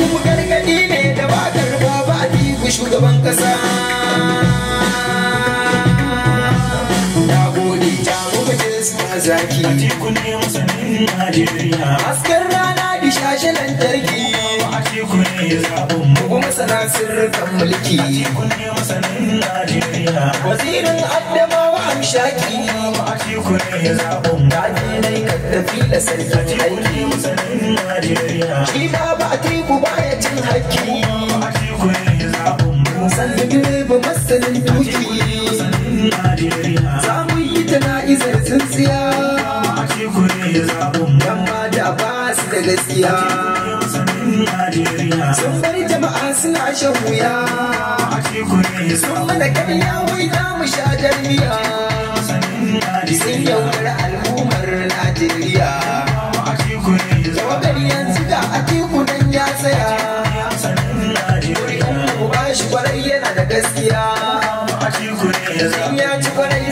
mu gargadi ne da bakar baba Atiku shugaban kasa Na gode ta muka je suna zaki Atiku ne masanin Najeriya Askar rana di shashe lantarki A Atiku ne ya zaɓin mu Kuma sana sirrukan mulki A Atiku ne masanin Najeriya Wazirin Adamawa Amshaki Atiku ne ya zaɓin mu Daji na yi kaddafi da sarki aiki Atiku ne masanin Najeriya Shi ba ba Atiku gaskiya sun bar jama'a suna shan wuya sun mana karya wai za mu sha jarmiya sun yaudar al'ummar najeriya tawagar yanzu da ake tekunan ya tsaya mu yana da gaskiya sun ya ci kwarai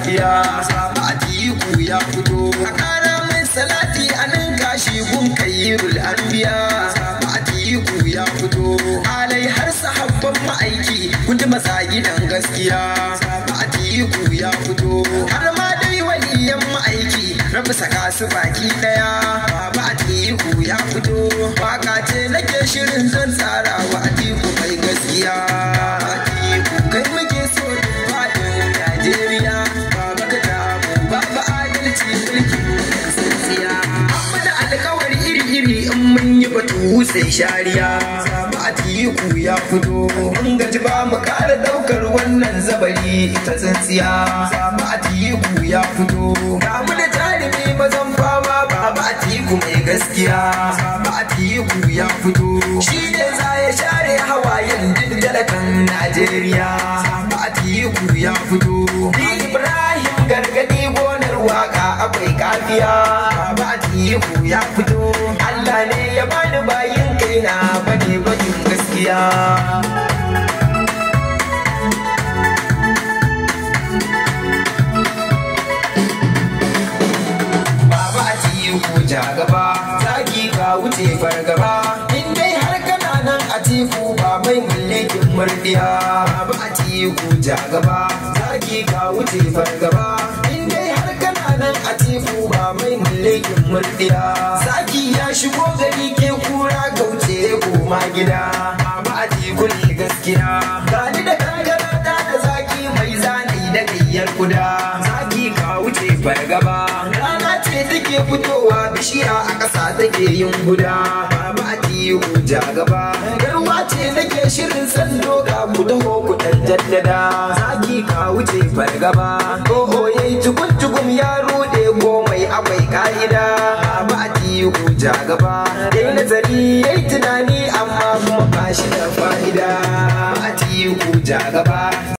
safiya a jiku ya fito a kara mai salati a nan gashi gun kayyirul anbiya a jiku ya fito alai har sahabban ma'aiki kuji gidan gaskiya a jiku ya fito har ma dai waliyan ma'aiki rabu saka su baki daya a jiku ya fito ka ce nake shirin zo sai shariya a tiku ya fito mun gaji ba mu kara daukar wannan zabari ta tsintsiya a tiku ya fito ga da jarumi mazan fama ba a tiku mai gaskiya a tiku ya fito shi ne za ya share hawayen duk dalakan najeriya a tiku ya fito ibrahim gargadi gonar waka akwai kafiya ihu ya fito Allah ne ya bani bayin kaina bane bakin gaskiya Baba a ci ja gaba zaki ka wuce fargaba in dai har kana nan a tiku ba mai mulkin murdiya Baba a ci ja gaba zaki ka wuce fargaba in dai nan a teku ba mai mulkin murdiya zaki ya shigo gari ke kura gauce koma gida amma a teku ne gaskiya gani da kankana ta da zaki mai zani da gayyar kuda zaki ka wuce fargaba rana ce take fitowa bishiya a ƙasa take yin guda amma a teku ja gaba garwa ce nake shirin sando ga ku taho jaddada zaki ka wuce fargaba ihu ja gaba yayi nazari yayi tunani amma kuma ba shi da fa'ida a tiku ja gaba